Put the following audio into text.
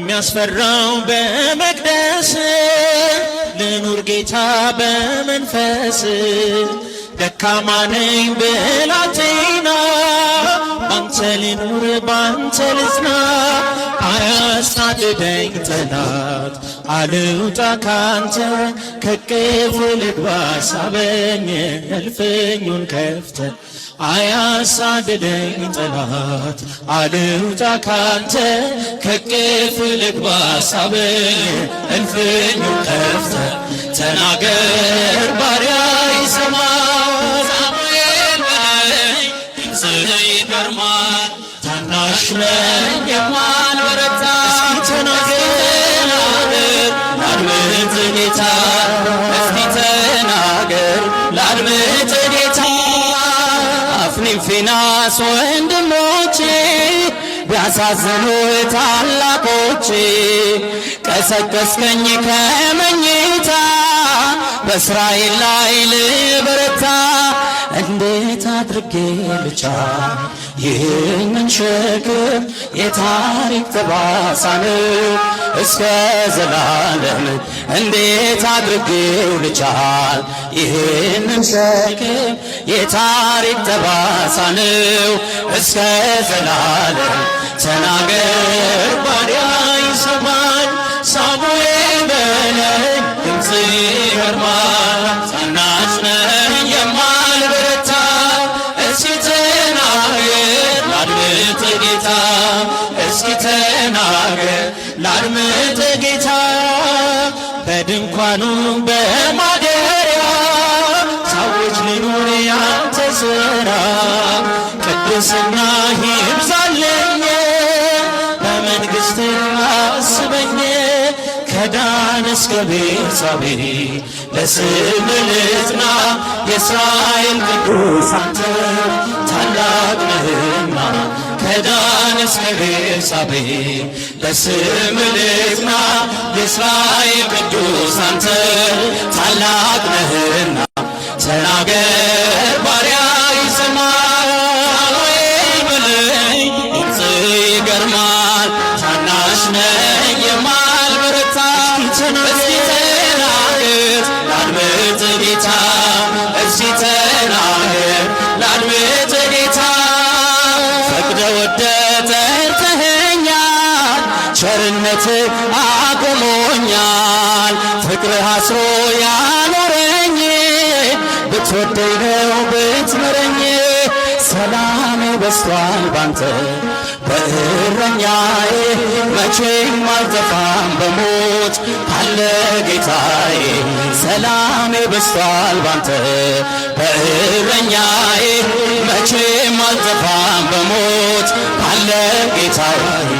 የሚያስፈራው በመቅደስ ልኑር ጌታ በመንፈስ ደካማ ነኝ ብላቴና ባንተ ልኑር ባንተ ልጽና አያሳድደኝ ጠላት አልውጣ ካንተ ከቅፍ ልግባ ሳበኝ እልፍኙን ከፍተ አያሳድደኝ ጠላት አልውጣ ካንተ ከቅፍ ልግባ ሳበኝ እልፍኙን ከፍተ ተናገር ባሪያ እንኳን በረታ ተናገር ላድምጥ ጌታ እስቲ ላድምጥ ጌታ ወንድሞቼ ቢያሳዝኑ ታላቆቼ ቀሰቀስከኝ ከመኝታ በእስራኤል ላይ ልበረ አድርጌ ብቻ ይህንን ሸክም የታሪክ ተባሳን እስከ ዘላለም እንዴት አድርጌው ልቻል? ይህንን ሸክም የታሪክ ጠባሳንው እስከ ዘላለም ተናገር ባሪያ ይሰማል እስኪ ተናገር ላድምጥ ጌታ በድንኳኑ በማደሪያ ሰዎች ሊኖር ያንተ ስራ ቅድስና ይብዛልኝ በመንግሥት አስበኝ ከዳን እስከ ቤርሳቤህ ለስም ልጽና የእስራኤል ቅዱስ አንተ ታላቅ ነህና ከዳ መስከሬ ሳቤ ለስም ልጽና የእስራኤል ቅዱስ አንተ ታላቅ ነህና ተናገር ቸርነት አቁሞኛል ፍቅር አስሮ ያኖረኝ ብትወደኝ ነው ብትምረኝ ሰላም በስቷል ባንተ በእረኛዬ መቼም አልጠፋም በሞት ካለ ጌታዬ ሰላም በስቷል ባንተ በእረኛዬ መቼም አልጠፋም በሞት ካለ ጌታዬ